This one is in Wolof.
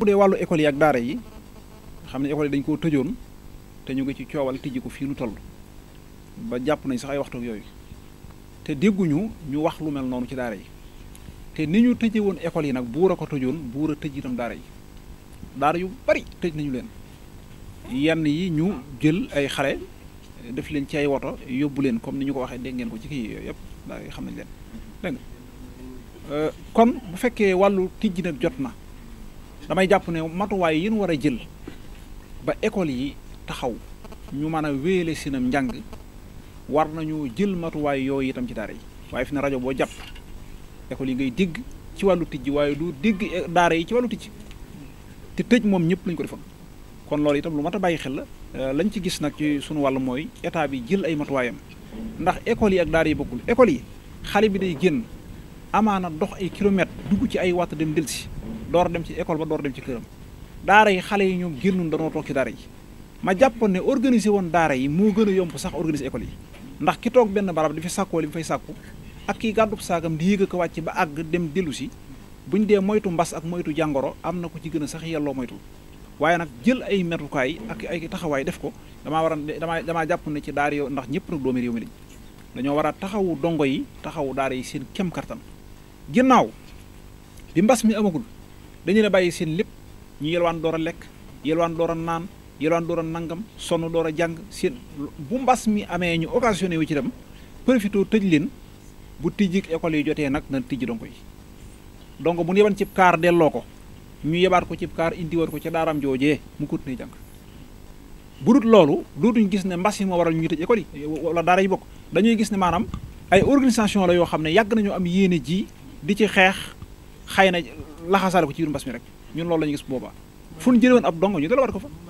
bu dee wàllu école yi ak daara yi xam ne école yi dañ koo tëjoon te ñu ngi ci coowal tijji ko fii lu toll ba jàpp nañ sax ay waxtu yooyu te dégguñu ñu wax lu mel noonu ci daara yi te ni ñu tëjee woon école yi nag buur a ko tëjoon buur a tëj itam daara yi daara yu bari tëj nañu leen yenn yi ñu jël ay xale def leen ci ay woto yóbbu leen comme ni ñu ko waxee dégg ngeen ko ci kii yooyu yëpp daa xam nañ leen dégg nga euh, kon bu fekkee wàllu tijji nag jot na damay jàpp ne matuwaay yi ñu war a jël ba école yi taxaw ñu mën a wéyale sinam njàng war nañu jël matuwaay yooyu itam ci daara yi waaye fi ne rajo boo jàpp école yi ngay digg ci wàllu tijj waaye du digg eh, daara yi ci wàllu tijj te tëj moom ñëpp lañ ko defoon kon loolu itam lu mat a bàyyi xel la euh, lañ ci gis nag ci sunu wàll mooy état bi jël ay matuwaayam ndax école yi ak daara yi bokkul école yi xale bi day génn amaana dox ay kilomètres dugg ci ay watt dem delsi door dem ci école ba door dem ci këram daara yi xale yi ñoom génnoon danoo toog ci daara yi ma jàppoon ne organiser woon daara yi moo gën a yomb sax organiser école yi ndax ki toog benn barab di fi sàkkoo li mu fay sàkku ak kii gàddub saagam di yéeg ko wàcc ba àgg dem dellu bu ñu dee moytu mbas ak moytu jàngoro am na ko ci gën a sax yelloo moytu waaye nag jël ay metukaay ak ay taxawaay def ko damaa war a damaa damaa jàpp ne ci daara yow ndax ñëpp nag doomi réew mi dañoo war a taxawu dongo yi taxawu daara yi seen kem kartan ginnaaw bi mbas mi amagul dañu la bàyyi seen lépp ñu yelwaan door a lekk yelwaan door a naan yelwaan door a nangam sonn door a jàng seen bu mbas mi amee ñu occasionné wu ci dem profité tëj leen bu tijji école yi jotee nag na tijji donko yi donc bu ñu yeban cib kaar delloo ko ñu yebaat ko cib kaar indiwaat ko ca daaraam joojee mu continué jàng bu dut loolu dootuñu gis ne mbas yi moo waral ñu tëj école yi wala daara yi bokk dañuy gis ne maanaam ay organisation la yoo xam ne yàgg nañu am yéene ji di ci xeex xëy na laxasaale ko ci biir mbas mi rek ñun loolu la ñu gis booba fu ñu jëlee woon ab dong ñu dalawaat ko fa